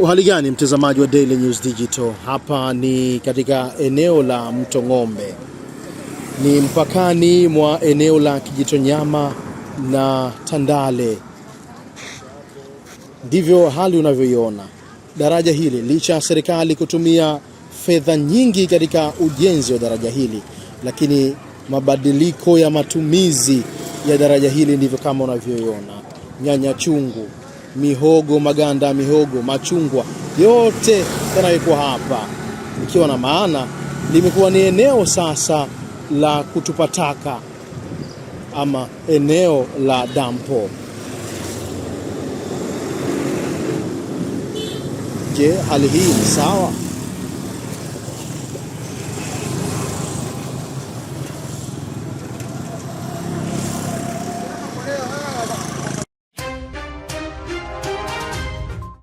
Uhali gani mtazamaji wa Daily News Digital, hapa ni katika eneo la Mto Ng'ombe, ni mpakani mwa eneo la Kijitonyama na Tandale. Ndivyo hali unavyoiona. Daraja hili licha ya serikali kutumia fedha nyingi katika ujenzi wa daraja hili, lakini mabadiliko ya matumizi ya daraja hili ndivyo kama unavyoiona, nyanya chungu mihogo, maganda ya mihogo, machungwa, yote yanawekwa hapa, ikiwa na maana limekuwa ni eneo sasa la kutupa taka ama eneo la dampo. Je, hali hii ni sawa?